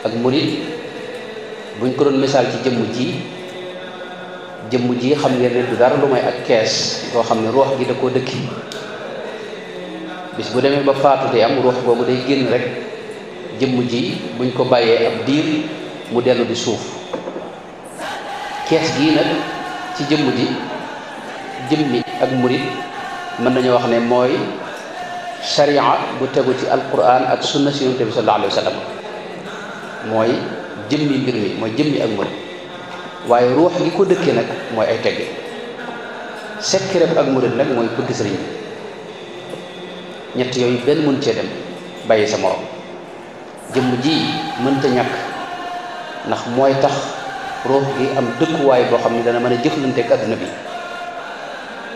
ak murit buñ ko doon misaal ci jëmm ji jëmm ji xam ngeen ne du dara lu may ak kees koo xam ne ruux gi da koo dëkki bis bu demee ba faatu day am ruux boobu day génn rek jëmm ji buñ ko bàyyee ab diir mu dellu di suuf kees gii nag ci jëmm ji jëmmi ak murit mën nañu wax ne mooy sharia bu tegu ci alquran ak sunna si yonte bi sallallahu alayhi wa sallam mooy jëmmi mbir mi mooy jëmmi ak murit waaye ruux gi ko dëkkee nag mooy ay tegge sekkereb ak murit nag mooy bëgg sëriñ bi ñett yooyu benn mën cee dem bàyyi sa morom jëmm ji mënta ñàkk ndax mooy tax ruux gi am dëkkuwaay boo xam ne dana mën a jëflante ak bi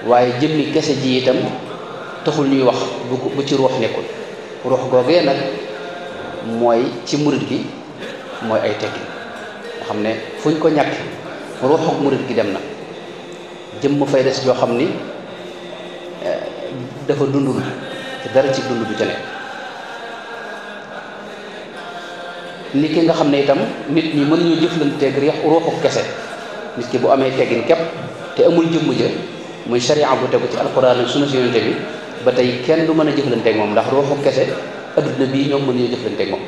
waaye jëmmi kese ji itam taxul ñuy wax bu bu ci ruux nekkul ruux googee nag mooy ci murit gi mooy ay teggin nga xam ne fuñ ko ñàkk ruuxu murit gi dem na jëmm fay des yoo xam ni eh, dafa dundul te dara ci dund bu jëlee nit nga xam ne itam nit ñi mën ñu jëflanteeg riix ruuxu kese nit ki bu amee teggin képp te amul jëmm jë muy sharia bu tegu ci alquran ak sunna si yonente bi ba tey kenn du mën a jëflanteeg moom ndax ruuxu kese adduna bii ñoom mënuñu jëflanteeg moom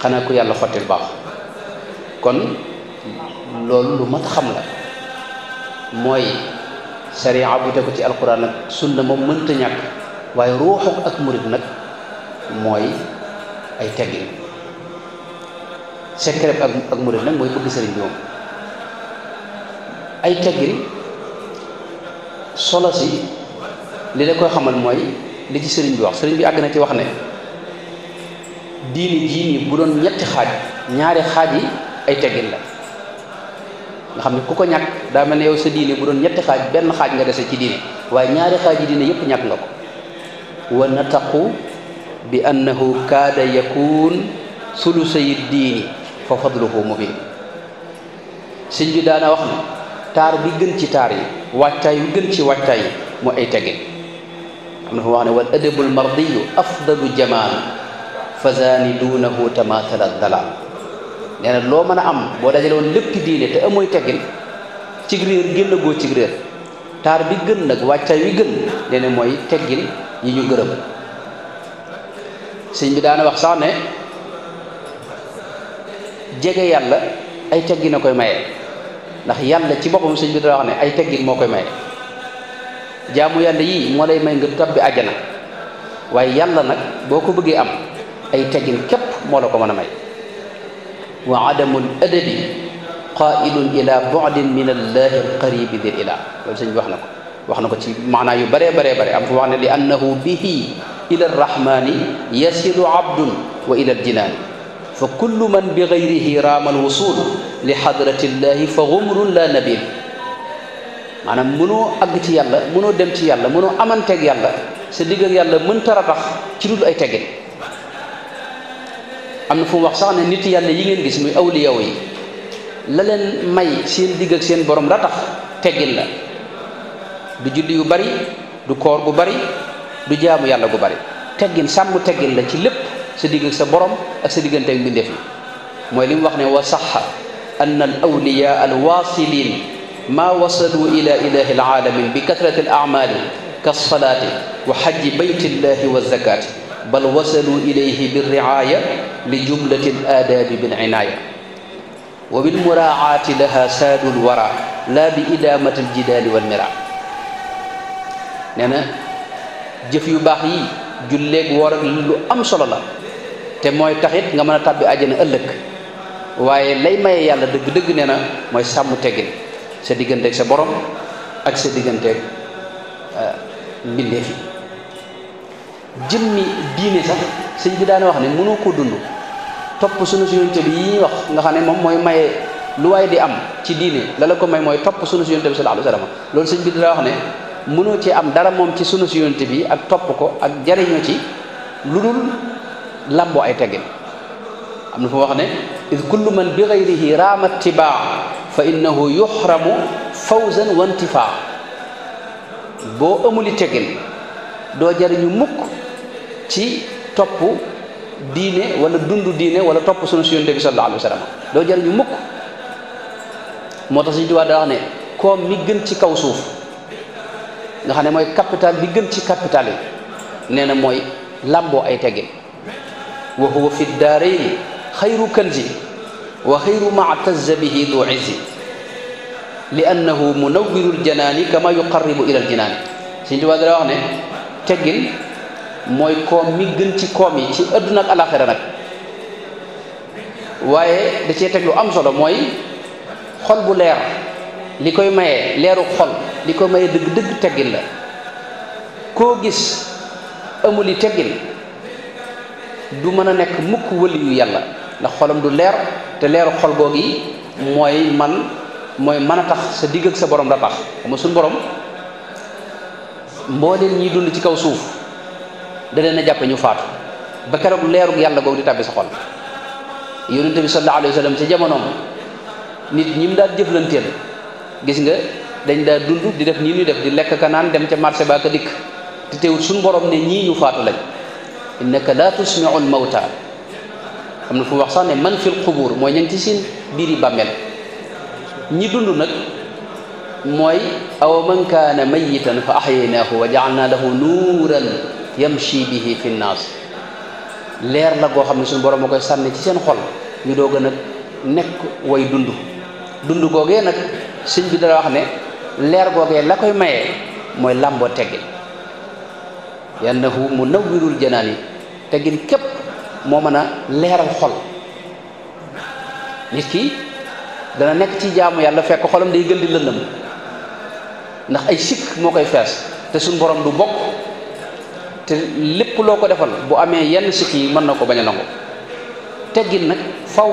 xanaa ko yàlla xottil baax kon loolu lu mat xam la mooy sariya bu tegu ci alquran nag sunna moom mënta ñàkk waaye ruuxu ak murit nag mooy ay teggin secret ak ak murit nag mooy bëgg sëriñ bi moom ay teggin solo si li la koy xamal mooy li ci sëriñ bi wax sëriñ bi àgg na ci wax ne diine jii nii bu doon ñetti xaaj ñaari xaaj yi ay teggin la nga xam ne ku ko ñàkk daa mel ne yow sa diine bu doon ñetti xaaj benn xaaj nga dese ci diine waaye ñaari xaaj yi diine yépp ñàkk nga ko wa nataqu bi annahu kaada yakun sulusay diini fa bi daana wax ne gën ci taar yi waajtaay gën ci waajtaay yi mu ay teggin am na fa wax ne wal adabul mardiyu afdalu jamaan fasani duunahu tamathala dalal nee na loo mën a am boo dajale woon lépp diine te amooy teggin cig réer génn goo cig taar bi gën nag wàccaay mooy teggin yi ñu gërëm sëñ bi daana wax sax ne jege yàlla ay teggin a koy maye ndax yàlla ci boppam sëñ bi dana wax ne ay teggin moo koy maye jaamu yàlla yii moo lay may nga tàbbi àjjana waaye yàlla nag boo ko bëggee am أي تجل كب مولوكو مانا مي وعدم الأدب قائل إلى بعد من الله القريب ذي الإله وزين وحنكو وحنكو تي معنى يبري بري بري أبو لأنه به إلى الرحمن يسير عبد وإلى الجنان فكل من بغيره رام الوصول لحضرة الله فغمر لا نبيل معنى منو أغتي يالله منو دمتي يالله منو أمن تغي يالله سيديغر يالله من كيلو أي تغي amna fu wax sax ne nit yàlla yi ngeen gis muy awliya way la len may seen digg ak seen borom la tax teggin la du julli yu bari du koor gu bari du jaamu yàlla gu bari teggin sàmm teggin la ci lépp sa digg ak sa borom ak sa digante ak mbindeef yi mooy li wax ne wa sahha an al awliya al wasilin ما وصلوا إلى إله العالمين بكثرة الأعمال كالصلاة وحج بيت الله والزكاة بل وصلوا إليه بالرعاية لجملة الآداب بالعناية وبالمراعاة لها ساد الورى لا بإدامة الجدال والمراء نعم جف يباحي جلّيك وراء للو أم صلى الله تموي تخيط نعمنا تابي أجن ألك waye lay may yalla deug deug neena moy sammu teggel sa digënté ak sa borom ak sa digënté euh sëñ bi daana wax ne mënoo koo dund topp sunu yonent bi yi ñuy wax nga xam ne moom mooy maye lu waay di am ci diine la la ko may mooy topp sunu yonent bi sallallahu alayhi wasallam loolu sëñ bi dana wax ne mënoo ci am dara moom ci sunu yonent bi ak topp ko ak jariñoo ci lu dul làmboo ay teggin am na fa wax ne id kullu man bi gayrihi raama tibaa fa innahu yuxramu fawzan wa intifaa boo amuli teggin doo jariñu mukk ci top diine wala dundu diine wala top sunu sunu yonent sallallahu alaihi wasallam do jar ñu mukk motax tax Sëñ Tuubaa da wax ne ko mi gën ci kaw suuf nga xane moy capital bi gën ci capital yi neena moy lambo ay teggin wa huwa fi daarayni khayru kanzi wa khayru ma tazza bihi du izzi li annahu munawwirul janaani kama yuqarribu ilal jinaani Sëñ Tuubaa daa wax ne teggin mooy koom mi gën ci koom yi ci àdduna ak alaxira nag waaye da cee teg lu am solo mooy xol bu leer li koy maye leeru xol li koy maye dëgg dëgg teggin la koo gis amul yi teggin du mën a nekk mukk wëli yu yàlla ndax xolam du leer te leeru xol googu yi mooy man mooy mën a tax sa digg ak sa borom la tax ma suñ borom mbooleen ñi dund ci kaw suuf da a jàppe ñu faatu ba keroog leerug yàlla googu di tàbbi sa xol yonent bi sallallahu alayhi wa sallam ci jamonoom nit ñi mu daan jëflanteel gis nga dañ daa dund di def nii ñuy def di lekk ka naan dem ca marché ba ka dikk te teewut suñu borom ne ñii ñu faatu lañ innaka la tusmiu l mawta am na fu wax sax ne man fil xubuur mooy ña ngi ci seen biiri bàmmeel ñi dund nag mooy aw man kaana mayitan fa axyaynaahu wa jaalna lahu nuuran yamshi bihi fi nnaas leer la goo xam ne suñu borom moo koy sànni ci seen xol ñu gën a nag nekk way dund dund googee nag sëñ bi dala wax ne leer googee la koy maye mooy làmboo teggin yannahu mu nawwirul janaan yi teggin képp moo mën a leeral xol nit ki dana nekk ci jaamu yàlla fekk xolam day gën di lëndëm ndax ay sikk moo koy fees te suñ borom du bokk te lépp loo ko defal bu amee yenn sikk yi mën na ko bañ a nangu teggin nag faw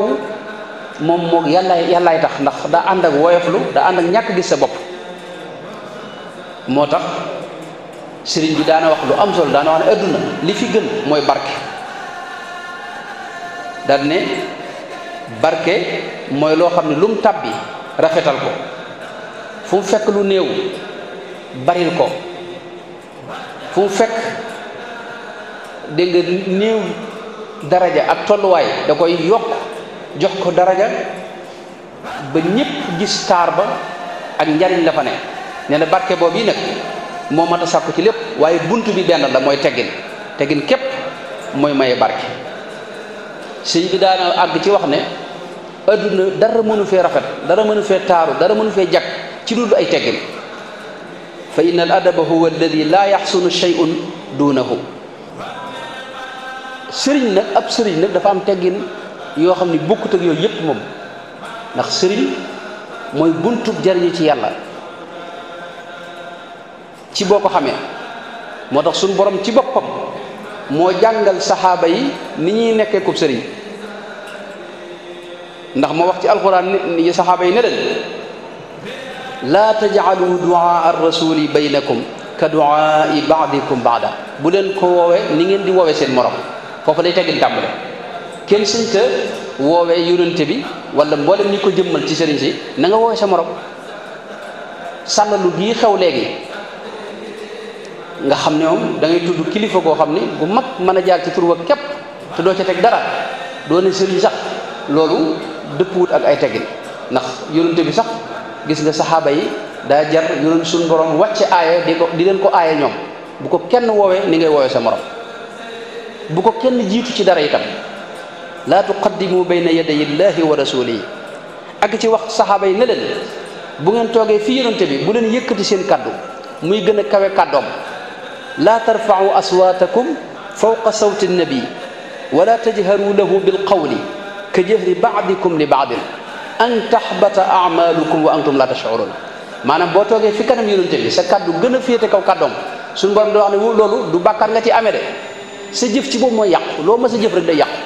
moom moog yàlla yàllaay tax ndax daa ànd ak woyoflu daa ànd ak ñàkk gis sa bopp moo tax bi daana wax lu am solo daana wax ne li fi gën barke daal ne barke moy lo xam lum lu rafetal ko fu fekk lu néew baril ko fu fekk dégg nga néew daraja ak tolluwaay da koy yokk jox ko daraja ba ñëpp gis taar ba ak njariñ la fa ne nee na barke boobu yi nag moo mat a sakk ci lépp waaye bunt bi benn la mooy teggin teggin képp mooy maye barke sëñ bi daana àgg ci wax ne adduna dara mënu fee rafet dara mënu fee taaru dara mënu fee jag ci dul ay teggin fa inna al adaba huwa alladi laa yaxsunu shay'un duunahu sëriñ nag ab sëriñ nag dafa am teggin yoo xam ne bokkut yooyu yépp moom ndax sëriñ mooy buntu jariñu ci yàlla ci boo ko xamee moo tax suñu borom ci boppam moo jàngal saxaaba yi ni ñuy nekkee ko sëriñ ndax moo wax ci alxuraan ni saxaaba yi ne leen laa tajcalu duaa ar-rasuli baynakum ka duaai baadikum baada bu leen ko woowe ni ngeen di woowe seen morom foofu lay teggin tàmbale kenn suñ te woowee yonante bi wala mboolem ñi ko jëmmal ci sëriñ si na nga woowee sa morom sàllalu gii xew léegi nga xam ne moom da ngay tudd kilifa goo xam ne bu mag mën a jaar ci tur wa képp te doo ca teg dara doo ne sëriñ sax loolu dëppwut ak ay teggin ndax yonante bi sax gis nga yi jar borom di ko di leen ko aaye ñoom bu ko kenn ni ngay sa morom بوكو كين جيتو سي دارا ايتام لا تقدموا بين يدي الله ورسوله اك سي وقت صحابه نلن بو نين توغي في يونتبي بو لن ييكتي سين كادو موي غنا كاوي كادوم لا ترفعوا اصواتكم فوق صوت النبي ولا تجهروا له بالقول كجهر بعضكم لبعض ان تحبط اعمالكم وانتم لا تشعرون manam bo toge fi kanam yoonte bi sa كادو gëna fiyete kaw kaddom sun borom do wax ne lolu du bakkar nga sa jëf ci boobu mooy yàqu loo ma si jëf rek day yàqu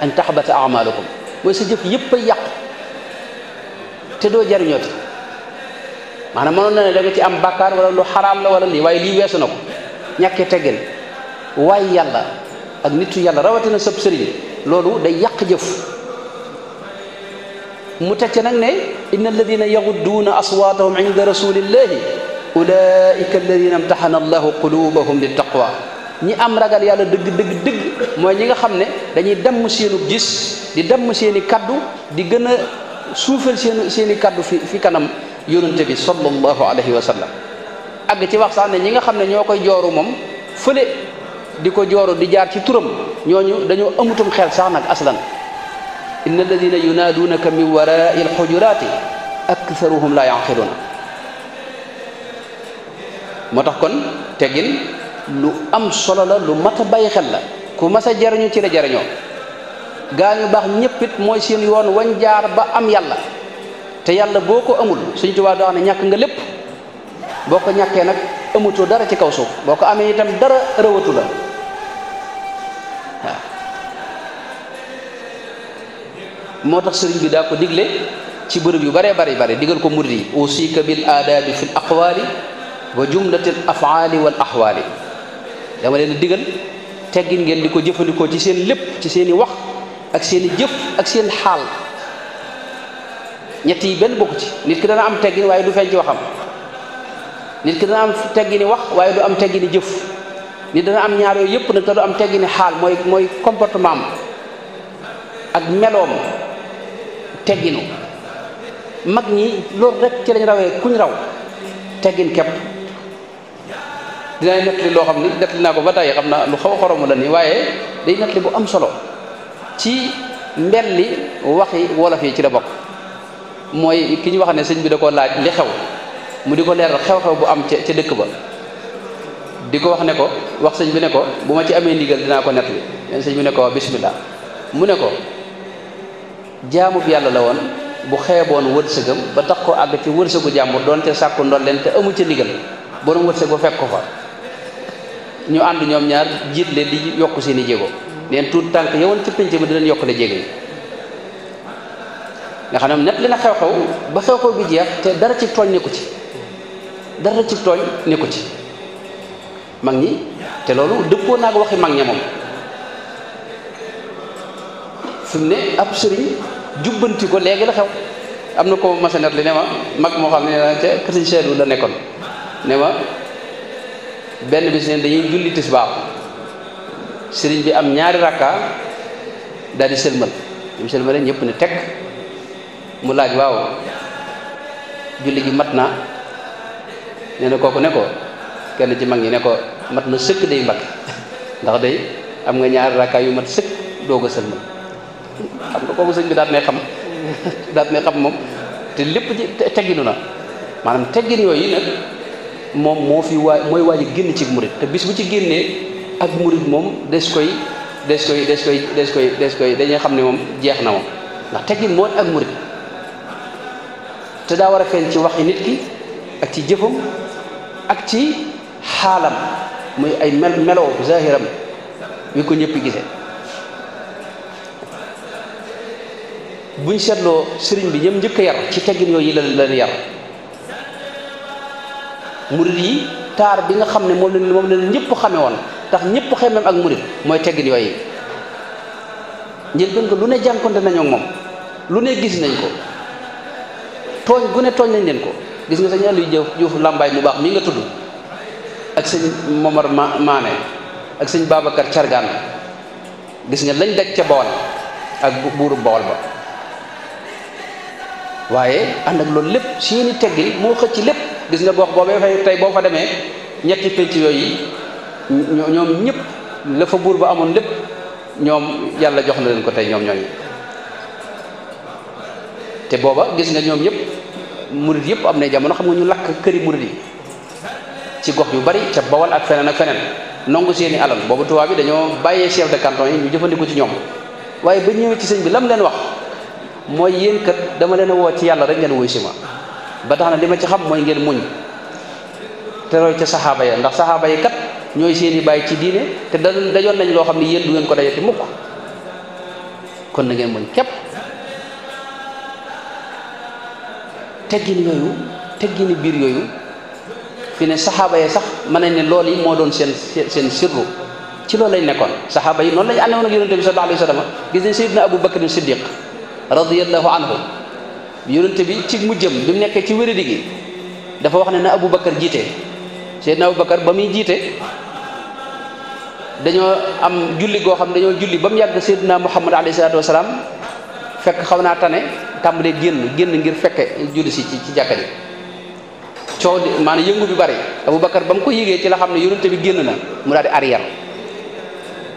an taxbata amalukum mooy si jëf yëpp ay yàqu te doo jariñooti maanaam mënoon na ne da nga ci am bàkkaar wala lu xaraam la wala lii waaye lii weesu na ko ñàkkee teggin waaye yàlla ak nitu yàlla rawatina sab sëriñ loolu day yàq jëf mu teg ci nag ne inna alladina yagudduuna aswaatahum inda rasulillahi ulaika alladina imtaxana allahu qulubahum li taqwa ñi am ragal yàlla dëgg dëgg dëgg mooy ñi nga xam ne dañuy demm seenu gis di demm seeni kaddu di gën a suufal seen seeni kaddu fi fi kanam yonente bi sallallahu alayhi wa sallam àgg ci wax sax ne ñi nga xam ne ñoo koy jooru moom fële di ko jooru di jaar ci turam ñoo ñu dañoo amutum xel sax nag aslan inna alladina yunaaduunaka min waraai alxujuraati aktharuhum la yaqiluuna moo tax kon teggin lu am solo la lu mat a bàyyi xel la ku mas jariñu ci la jariñoo gaa ñu baax ñëpp mooy seen yoon wañ jaar ba am yàlla te yàlla boo ko amul suñ tubaab daa ne ñàkk nga lépp boo ko ñàkkee nag amutoo dara ci kaw suuf boo ko amee itam dara rëwatu la waaw moo tax sëriñ bi daa ko digle ci bërëb yu bare bare bare digal ko murid yi usika bil aadaabi fi l wa jumlati afaali wal axwaali dama leen digal teggin ngeen di ko jëfandikoo ci seen lépp ci seeni wax ak seen i jëf ak seen xaal ñett yi benn bokku ci nit ki dana am teggin waaye du feeñ ci waxam nit ki dana am wax waaye du am teggini jëf nit dana am ñaar yooyu yëpp nag te du am teggini xaal mooy mooy comportement ak meloom tegginu mag ñi loolu rek ci lañ rawee kuñ raw teggin képp dinaay nettali loo xam ni nettali naa ko ba tey xam na lu xaw a xoromu la ni waaye day nettali bu am solo ci mbelli waxi wolof yi ci la bokk mooy ki ñu wax ne sëñ bi da ko laaj li xew mu di ko leeral xew-xew bu am ca ca dëkk ba di ko wax ne ko wax sëñ bi ne ko bu ma ci amee ndigal dinaa ko nettali leen sëñ bi ne ko bismillah mu ne ko jaamub yàlla la woon bu xeeboon wërsëgam ba tax ko àgg ci wërsëgu jàmbur doonte sàkku ndol leen te amu ca ndigal borom wërsëg ba fekk ko fa ñu ànd ñoom ñaar jiit le di yok seen jego jéego neen tuut tànk yowoon ya ci pénc ma di leen yokkale jéego yi nga xam ne nett xew-xew ba xew-xew bi jeex te dara ci tooñ ci dara ci tooñ nekku ci mag ñi te loolu dëppoo naag waxi mag ña moom ne ab sëriñ jubbanti ko léegi la xew am na ko masanet li ne ma mag moo xam ne ca kër la benn bis neen dañuy julli tisbaar sëriñ bi am ñaari rakka daal di sëlmal ñoom sëlmale ñëpp ne teg mu laaj waaw julli gi mat na nee na kooku nekkoo kenn ci mag ñi ne mat na sëkk day mbakk ndax day am nga ñaari rakka yu mat sëkk doog a sëlmal xam nga kooku sëñ bi daat ne xam daat ne xam moom te lépp ci tegginu na maanaam teggin yooyu nag moom moo fi waay mooy waaj génn ci murit te bis bu ci génnee ak murit moom des koy des koy des koy des koy des koy dañuy xam ne moom jeex na moom ndax teggin moo ak murit te daa war a feeñ ci waxi nit ki ak ci jëfam ak ci xaalam muy ay mel melow zahiram wi ko ñëpp gisee buñ seetloo sëriñ bi ñëm njëkk a yar ci teggin yooyu la leen yar murid yi taar bi nga xam ne moom la moom la ñëpp xame woon tax ñëpp xemeem ak murid mooy teggin yooyu njëlbeen ko lu ne jànkonte nañoo moom lu ne gis nañ ko tooñ gu ne tooñ nañ leen ko gis nga sëñ Aliou Diouf Diouf Lambaay mu baax mi nga tudd ak sëñ Momar Maane ak sëñ Babacar Cargaan gis nga lañ daj ca Bawol ak buuru Bawol ba waaye ànd ak loolu lépp seeni teggi moo xëcc lépp gis nga gox boobee fay tey boo fa demee ñetti pénc yi ñoom ñëpp la fa buur ba amoon lépp ñoom yàlla jox na leen ko tey ñoom ñooñu te booba gis nga ñoom yëpp murid yëpp am na jamono xam nga ñu lakk këri murid yi ci gox yu bari ca bawal ak feneen ak feneen nangu seeni alal boobu tubaab bi dañoo bàyyee chef de canton yi ñu jëfandiku ci ñoom waaye ba ñëwee ci sëñ bi lam leen wax mooy yéen kat dama leen a woo ci yàlla rek ngeen wuy si ma ba tax na li ma ci xam mooy ngeen muñ te roy ca saxaaba ya ndax saxaaba yi kat ñooy seen i bàyyi ci diine te da dajoon nañ loo xam ne yéen du ngeen ko dajati mukk kon na képp teggin yooyu teggini biir yooyu fi ne saxaaba yi sax mën nañ ne lool yi moo doon seen seen sirru ci loolu lañ nekkoon saxaaba yi noonu lañ àndewoon ak yonente bi sallallahu alayhi wa sallam gis nañ sayyidna Abu Bakr Siddiq radiyallahu anhu yonente bi ci mujjëm bi mu nekkee ci wéradi gi dafa wax ne na Aboubacar jiite Seydina Aboubacar ba muy jiite dañoo am julli goo xam ne dañoo julli ba mu yàgg Seydina Muhammad alayhi salaatu wasalaam fekk xaw naa tane tàmbalee génn génn ngir fekke julli si ci jàkka ji coow di maanaam yëngu bi bari Aboubacar ba mu ko yëgee ci la xam ne yonente bi génn na mu daal di arrière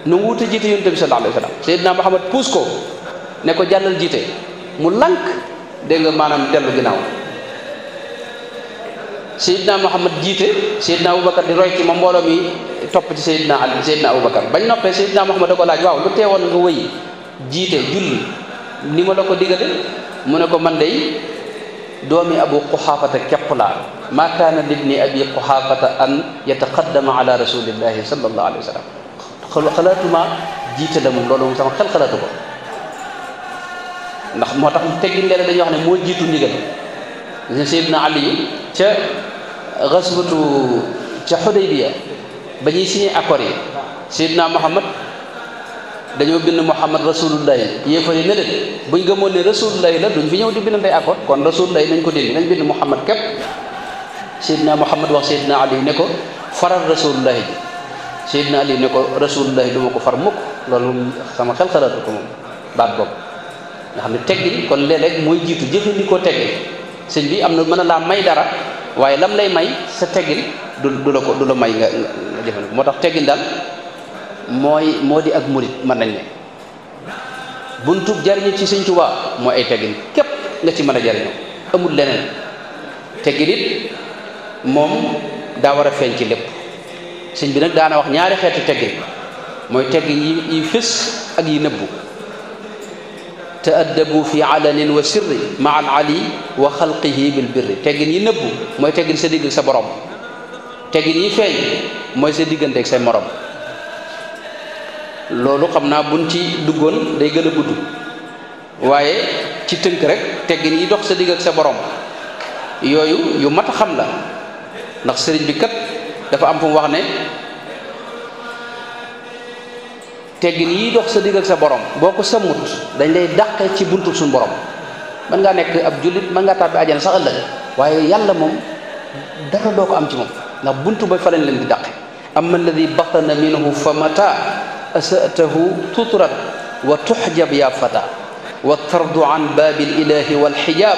nu mu wute jiite yonente bi sallallahu alayhi wa sallam puus ko ne ko jàllal jiite mu lank dégg nga maanaam dellu ginnaaw Seydina Muhammad jiite Seydina Aboubacar di roy ci ma mbooloo mi topp ci Seydina Ali Seydina Aboubacar bañ noppee Seydina Muhammad da ko laaj waaw lu teewoon nga wëy jiite julli ni ma la ko digale mu ne ko man dey doomi abu quxaafata képp laa maa kaana libni abi quxaafata an yataqaddama ala rasulillahi sallallahu alayhi wa sallam xalaatuma jiite la moom loolu moom sama xel xalaatu ko ndax moo tax teggin léeg dañuy wax ne moo jiitu ndigal ne Seydina Ali ca xaswatu ca Xudaybiya ba si signé accord yi Seydina Muhammad dañoo bind Muhammad rasulullahi yéefar yi ne leen buñ gëmoon ne rasulullahi la duñ fi ñëw di bindante accord kon rasulullahi nañ ko dindi nañ bind Muhammad képp Seydina Muhammad wax Seydina Ali ne ko faral rasulullahi ji Seydina Ali ne ko rasulullahi du ma ko far mukk loolu sama xel xalaatu ko moom baat boobu na xam ne teggin kon léeg-léeg mooy jiitu jëfandikoo teggin sëñ bi am na mën a laa may dara waaye lam lay may sa teggin du du la ko du may nga nga jëfandikoo moo tax teggin daal mooy moo ak murit mën nañ ne buntub jariñu ci sëñ Tuubaa ay teggin képp nga ci mën a jariñoo amul leneen teggin moom daa war a feeñ ci lépp sëñ bi nag daana wax ñaari xeeti teggin mooy teggin yi yi ak yi nëbbu taaddabu fi alanin wa sirri ma al ali wa xalqihi bil birri teggin yi nëbbu mooy teggin sa digg sa borom teggin yi feeñ mooy sa diggante ak say morom loolu xam naa buñ ci duggoon day gën a gudd waaye ci tënk rek teggin yi dox sa digg ak sa borom yooyu yu mat a xam la ndax sëriñ bi kat dafa am fu mu wax ne teggin yi dox sa digg ak sa borom boo ko sëmmut dañ lay dàq ci buntu suñu borom mën ngaa nekk ab jullit mën ngaa tàbbi àjjana sax ëllëg waaye yàlla moom dara doo ko am ci moom ndax buntu ba fa lañ leen di dàqe amma alladi batana minhu fa mata asatahu tutrat wa tuxjab ya fata wa tardu an baabi lilahi walxijab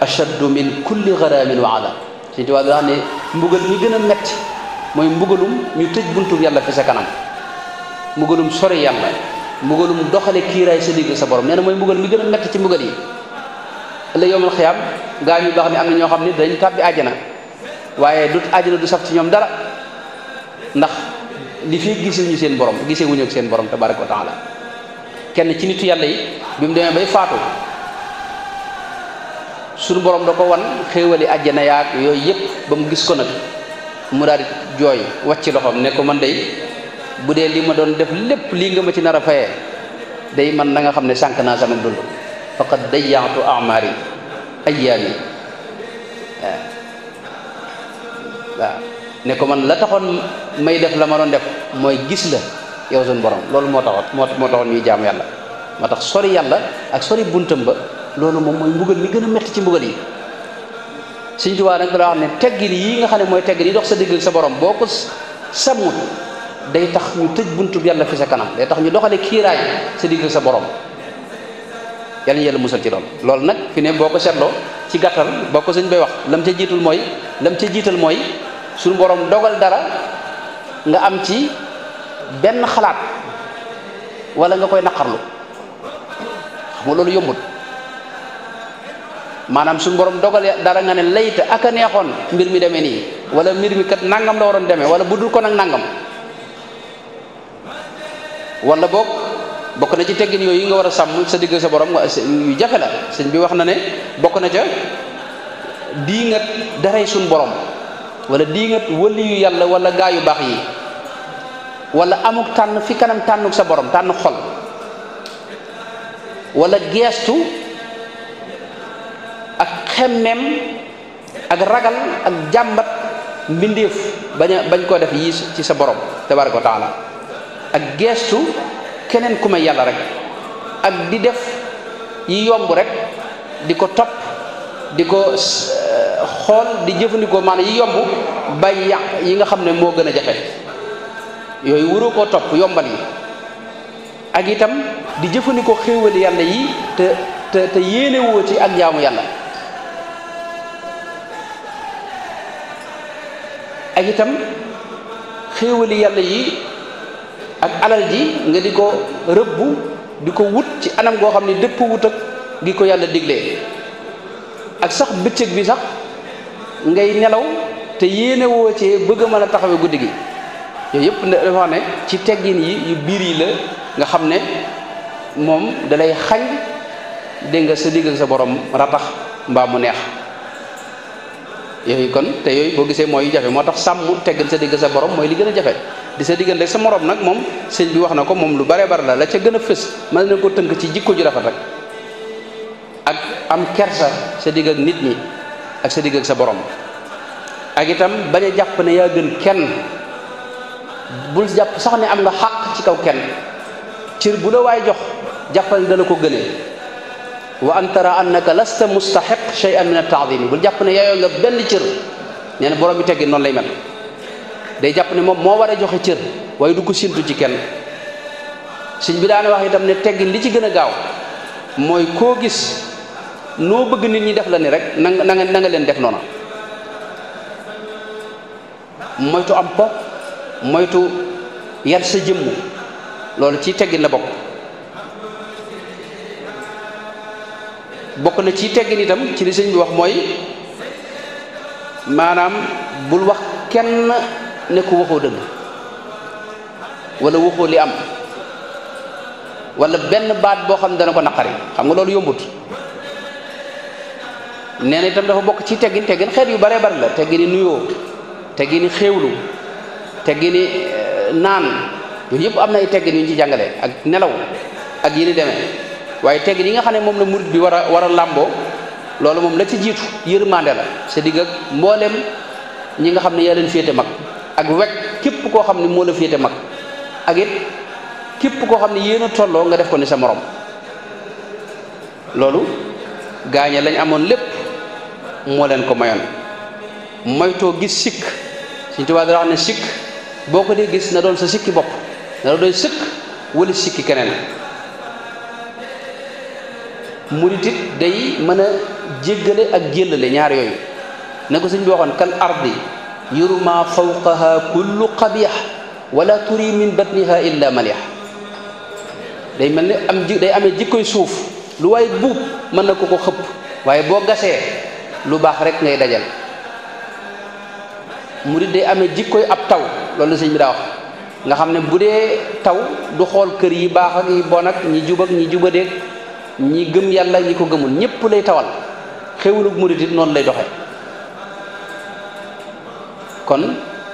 ashaddu min kulli garaamin wa adam suñu tubaab daa ne mbugal mi gën a metti mooy mbugalum ñu tëj buntu yàlla fi sa kanam mbugalum sori yàlla mbugalum doxale kiiraay sa digg sa borom nee na mooy mbugal mi gën a metti ci mbugal yi ëllëg yowmal xiyaam gaa ñu baax ni am na ñoo xam ne dañu tàbbi àjjana waaye du àjjana du saf ci ñoom dara ndax li fii gisewuñu seen borom gisewuñu ak seen borom tabaraka wa taala kenn ci nitu yàlla yi bi mu demee bay faatu suñu borom da ko wan xéewali àjjana yaag yooyu yëpp ba mu gis ko nag mu daal di jooy wàcc loxoom ne ko man day bu dee li ma doon def lépp lii nga ma ci nar a day man nga xam ne sànq sama dund faqad dayyaatu amaari ayyaami waaw ne ko man la taxoon may def la ma doon def mooy gis la yow borom jaam tax sori ak sori buntam ba loolu moom mooy mbugal mi gën metti ci mbugal yi Sëñ Tuubaa nag da wax ne teggin yi nga dox sa sa borom day tax ñu tëj buntub yàlla fi sa kanam day tax ñu doxale kiiraay sa digg sa borom yàlla ñu yàlla musal ci loolu loolu nag fi ne boo ko seetloo ci gàttal boo ko bay wax lam ca jiitul mooy lam ca jiital mooy suñu borom dogal dara nga am ci benn xalaat wala nga koy naqarlu xam nga loolu yombut maanaam suñu borom dogal dara nga ne layta ak a neexoon mbir mi demee nii wala mbir mi kat nangam la waroon demee wala budul ko nag nangam wala bok bokk na ci teggin yooyu nga war a sa digg sa borom nga yu jafe la sëñ bi wax na ne bokk na ca dii nga daray sun borom wala dii nga wëli yu yàlla wala gaa yu baax yi wala amuk tan, fi kanam tànnuk sa borom tànn xol wala geestu ak xemmem ak ragal ak jàmbat mbindeef bañ bañ ko def yi ci sa borom taala ak geestu keneen ku yàlla rek ak di def yi yomb rek di ko topp di ko euh, xool di jëfandikoo maanaam yi yomb bàyyi yàq yi nga xam ne moo gën a jafe yooyu waroo koo topp yombal yi ak itam di jëfandikoo xéewali yàlla yi te te te yéene woo ci ak jaamu yàlla ak itam xéewali yàlla yi ak alal ji nga di ko rëbbu di ko wut ci anam goo xam ne dëpp wut ak gi ko yàlla diglee ak sax bëccëg bi sax ngay nelaw te yéene woo cee bëgg a mën a taxawee guddi gi yooyu yëpp dafa ne ci teggin yi yu biir yi la nga xam ne moom dalay xañ dégg nga sa digg sa borom ratax mbaa mu neex yooyu kon te yooyu boo gisee mooy jafe moo tax sàmm teggin sa digg sa borom mooy li gën a jafe di sa diggante sa moroom nag moom sëñ bi wax na ko moom lu bare bare la la ca gën a fës mën na ko tënk ci jikko ju rafet rek ak am kersa sa digg ak nit ñi ak sa digg ak sa borom ak itam bañ jàpp ne yaa gën kenn bul jàpp sax ne am nga xàq ci kaw kenn cir bu la waay jox jàppal ne dala ko gënee wa an tara annaka lasta mustaxiq shay'an min at-ta'zim bul jàpp ne yaayoo nga benn cir nee na borom bi teggi noonu lay mel day jàpp ne moom moo war a joxe cër waaye du ko séntu ci kenn sëñ bi daane wax itam ne teggin li ci gën a gaaw mooy koo gis noo bëgg nit ñi def la ni rek na nga na leen def noona moytu am po moytu yar sa jëmm loolu ci teggin la bokk bokk na ci teggin itam ci li sëñ bi wax mooy maanaam bul wax kenn ne ko waxoo dëgg wala waxoo li am wala benn baat boo xam ne dana ko naqari xam nga loolu yombut nee na tam dafa bokk ci teggin teggin xeet yu bare bari la teggini nuyoo teggini xéewlu teggini euh, naan yëpp am na ay teggin yu ñu ci jàngale ak nelaw ak yi ni waaye teggin yi nga xam ne moom la murit bi war a war a làmboo loolu moom la ci jiitu yërmande la sa digg ak mboolem ñi nga xam ne yaa leen féete mag ak weg képp koo xam ne moo la féete mag ak it képp koo xam ne yéen a tolloo nga def ko ni sa morom loolu gaañe lañ amoon lépp moo leen ko mayoon moytoo gis sikk suñ tubaab dara wax ne sikk boo ko dee gis na doon sa sikki bopp na la doon sëkk wala sikki keneen murit it day mën a jéggale ak jéllale ñaar yooyu na ko suñ bi waxoon kal ardi yurma fawqaha kullu qabih wala turi min batniha illa malih day mel ni am ji day amee jikkoy suuf lu waay buub mën na ko ko xëpp waaye boo gasee lu baax rek ngay dajal murid day amee jikkoy ab taw loolu la bi daa wax nga xam ne bu dee taw du xool kër yi baax ak yi bon ak ñi jub ak ñi jubadeeg ñi gëm yàlla ñi ko gëmul ñépp lay tawal xéwalug murid di noonu lay doxee kon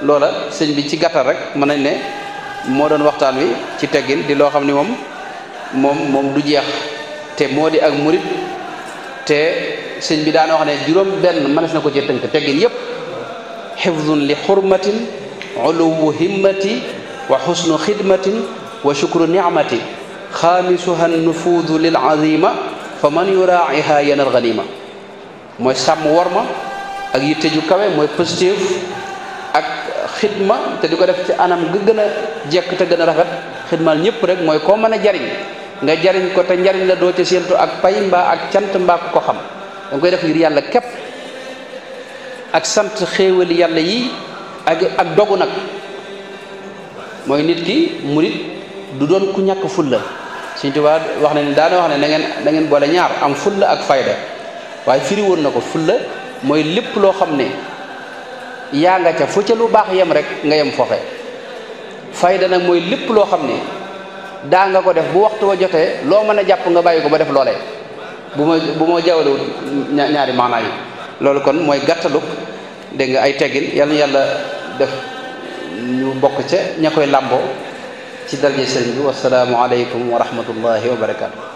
loola sëñ bi ci gàttal rek mën nañ ne moo doon waxtaan wi ci teggin di loo xam ni moom moom moom du jeex te moo di ak murit te sëñ bi daana wax ne juróom benn mënees na ko ci tënk teggin yépp xifdun li xurmatin uluwu himmati wa xusnu xidmatin wa shukru nicmati xaamisuha nufuudu lil azima fa man yuraaciha yanal ganima mooy sàmm worma ak yitte kawe mooy positif ak xidma te di def ci anam ga gën a jekk te gën a rafet xidmal ñëpp rek mooy koo mën jariñ nga jariñ ko te njariñ la doo ca séentu ak pay mbaa ak cant mbaa ko ko xam da koy def ngir yàlla képp ak sant xéewali yàlla yi ak ak dogu nag mooy nit ki murit du doon ku ñàkk fulla suñ tuba wax na ni daana wax ngeen ngeen boole ñaar am fulla ak fayda waaye firi woon ko fulla mooy lépp loo yaa nga ca fu ca lu baax yem rek nga yem foofe fayda nag mooy lépp loo xam ni daa nga ko def bu waxtu wa jotee loo mën a jàpp nga bàyyi ko ba def loolee bu ma bu ma jawalewut ñaari maanaa yi loolu kon mooy gàttaluk dégg nga ay teggin yàlla yàlla def ñu bokk ca ña koy làmboo ci darje sëriñ bi wasalaamu aleykum wa rahmatullahi wa barakaatu